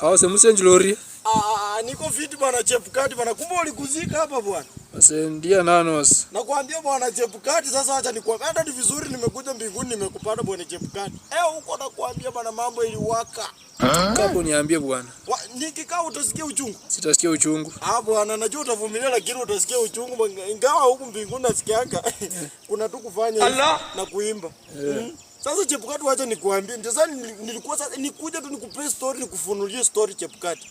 Au se njilori. lori? Ah, ah, ah, niko fiti bwana Chepukati bwana. Kumbe ulikuzika hapa bwana. Sasa ndio nano sasa. Nakwambia bwana Chepukati sasa acha nikwambia hata vizuri nimekuja mbinguni nimekupata bwana Chepukati. Eh, huko nakwambia bwana mambo iliwaka. Kapo niambie bwana. Nikikaa utasikia uchungu. Sitasikia uchungu. Ah bwana, najua utavumilia lakini utasikia uchungu ingawa huku mbinguni nasikianga. Kuna tu kufanya na kuimba. Yeah. Mm sasa Chepukati, wacha nikuambie sasa, nilikuwa sasa nikuja tu nikupe story, nikufunulie story Chepukati.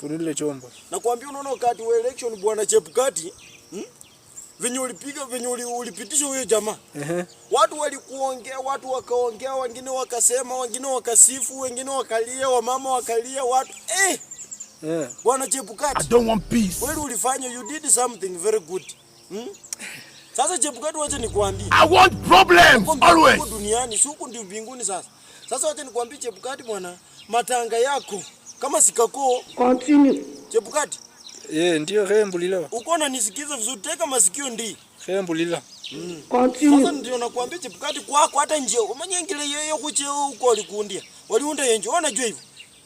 Funulie chombo. Nakwambia, unaona wakati wa election bwana Chepukati, hmm? Venye ulipiga venye ulipitisha huyo jamaa. Uh -huh. Watu walikuongea, watu wakaongea, wengine wakasema, wengine wakasifu, wengine wakalia, wamama wakalia, watu eh. Yeah. Bwana Chepukati. I don't want peace. Wewe ulifanya, you did something very good. Hmm? Sasa Chebukati, wacha nikwambie. I want problems always. Huko duniani, huko ndio mbinguni sasa. Sasa wacha nikwambie Chebukati bwana, matanga yako kama sikako. Continue. Chebukati. Eh, ndio rembulila. Uko na nisikiza vizuri, teka masikio ndi. Rembulila. Mm. Continue. Sasa ndio nakwambia Chebukati kwako hata njio. Umanye ngile yeye kuche huko alikundia. Waliunda yenje. Unajua hivyo.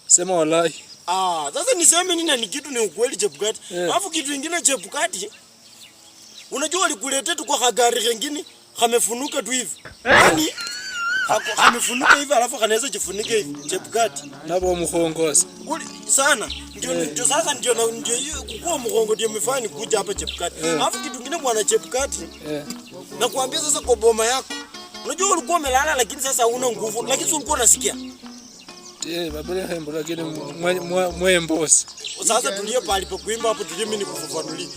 Sema walai. Ah, sasa niseme nini na ni kitu ni ukweli Chebukati. Eh. Alafu yeah. Kitu kingine Chebukati Unajua walikuletea tu kwa gari kengine kamefunuka tu hivi. Eh? Yaani kamefunuka hivi alafu kanaweza jifunika hivi chepukati. Nabo mkongoza. Sana. Ndio eh. ndio sasa ndio na ndio kwa kukua mkongo ndio mfani kuja hapa chepukati. Eh. Alafu kitu kingine bwana chepukati. Nakuambia sasa kwa boma yako. Unajua ulikuwa umelala lakini sasa huna nguvu lakini sio ulikuwa unasikia. Eh, Bethlehem lakini mwembosi. Sasa tulio palipo kuimba hapo tulio mimi nikufafanulia.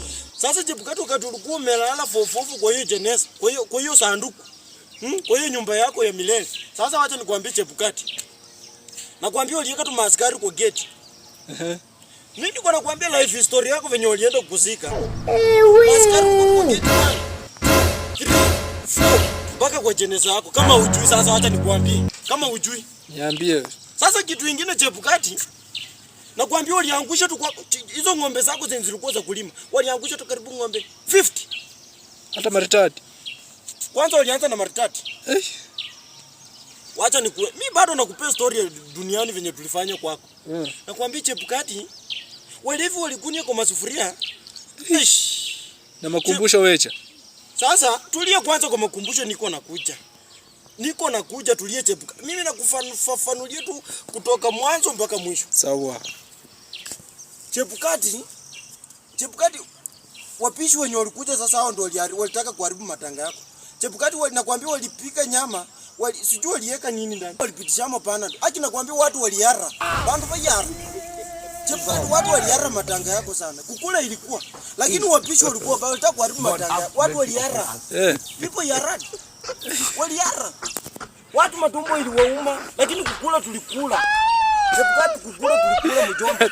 Sasa Chebukati wakati ulikuwa umelala fofofu kwa hiyo jeneza, kwa hiyo kwa hiyo sanduku. Hmm? Kwa hiyo nyumba yako ya milele. Sasa wacha nikuambie Chebukati. Nakwambia uliweka tu maaskari kwa gate. Eh. Mimi nakwambia life story yako venye ulienda kuzika. Maaskari kwa gate. Mpaka kwa jeneza yako kama hujui sasa wacha nikuambie. Kama hujui. Niambie. Sasa kitu kingine Chebukati, nakwambia waliangusha tu hizo ng'ombe zako zenye zilikuwa za kulima, waliangusha tu karibu ng'ombe 50 hata maritati. Kwanza walianza na maritati eh. Wacha ni kuwe. mimi bado nakupea story ya duniani venye tulifanya kwako mm. Nakwambia Chebukati, walevi walikunia kwa masufuria eh. Ish. na makumbusho wecha sasa tulia kwanza kwa makumbusho, niko nakuja niko nakuja, chepuka. mimi nakufafanulia tu kutoka mwanzo mpaka mwisho. Sawa. Chepukati, Chepukati, wapishi wenye walikuja sasa, hao ndio walitaka kuharibu matanga yako. Chepukati nakwambia, walipika nyama wali, sijui waliweka nini ndani, walipitisha mapana. Aki nakwambia watu waliara bandu bayara Chepukati, watu waliara matanga yako sana, kukula ilikuwa, lakini wapishi walikuwa walitaka kuharibu matanga, watu waliara eh. vipo yara waliara Watu matumbo iliwauma, lakini kukula tulikula. Kukula tulikula mjomba.